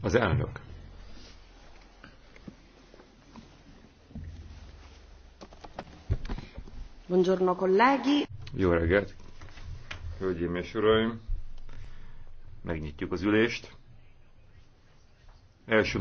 Az elnök. Buongiorno colleghi. Jó reggelt. Hölgyeim és uraim. Megnyitjuk az ülést. Első